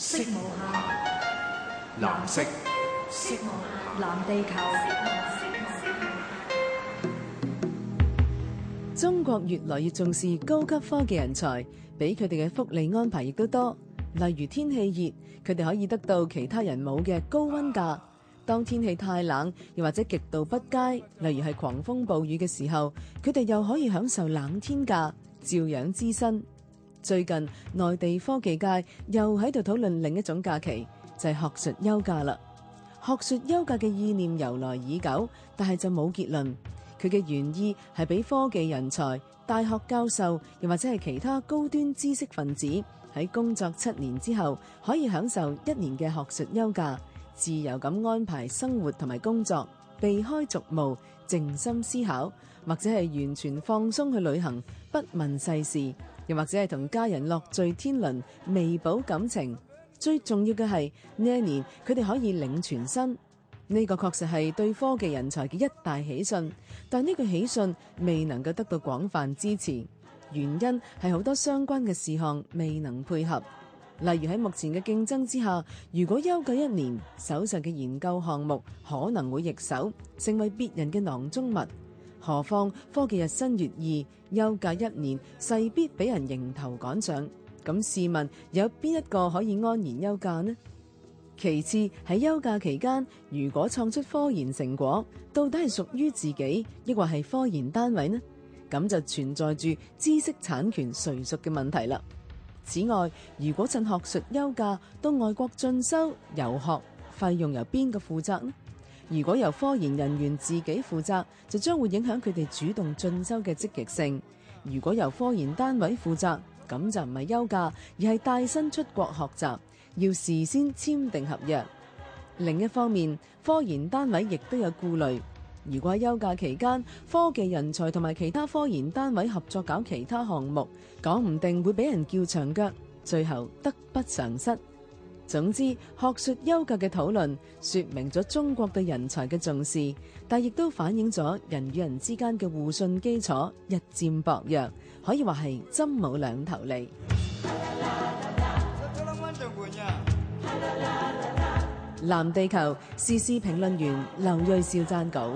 色無暇藍色。色無暇，藍地球,色母藍地球色母色母。中國越來越重視高級科技人才，比佢哋嘅福利安排亦都多。例如天氣熱，佢哋可以得到其他人冇嘅高温假；當天氣太冷，又或者極度不佳，例如係狂風暴雨嘅時候，佢哋又可以享受冷天假，照樣支薪。最近，內地科技界又喺度討論另一種假期，就係學術休假啦。學術休假嘅意念由來已久，但係就冇結論。佢嘅原意係俾科技人才、大學教授，又或者係其他高端知識分子喺工作七年之後，可以享受一年嘅學術休假，自由咁安排生活同埋工作，避開俗務，靜心思考，或者係完全放鬆去旅行，不問世事。又或者係同家人樂聚天倫，彌補感情。最重要嘅係呢一年佢哋可以領全新，呢、這個確實係對科技人才嘅一大喜訊。但呢個喜訊未能夠得到廣泛支持，原因係好多相關嘅事項未能配合。例如喺目前嘅競爭之下，如果休假一年，手上嘅研究項目可能會易手，成為別人嘅囊中物。何況科技日新月異，休假一年勢必俾人迎頭趕上。咁試問，有邊一個可以安然休假呢？其次喺休假期間，如果創出科研成果，到底係屬於自己，抑或係科研單位呢？咁就存在住知識產權誰屬嘅問題啦。此外，如果趁學術休假到外國進修、遊學，費用由邊個負責呢？如果由科研人員自己負責，就將會影響佢哋主動進修嘅積極性；如果由科研單位負責，咁就唔係休假，而係帶薪出國學習，要事先簽訂合約。另一方面，科研單位亦都有顧慮，如果休假期間科技人才同埋其他科研單位合作搞其他項目，講唔定會俾人叫長腳，最後得不償失。總之，學術優格嘅討論，說明咗中國對人才嘅重視，但亦都反映咗人與人之間嘅互信基礎日漸薄弱，可以話係針冇兩頭利。藍地球時事評論員劉銳紹撰稿。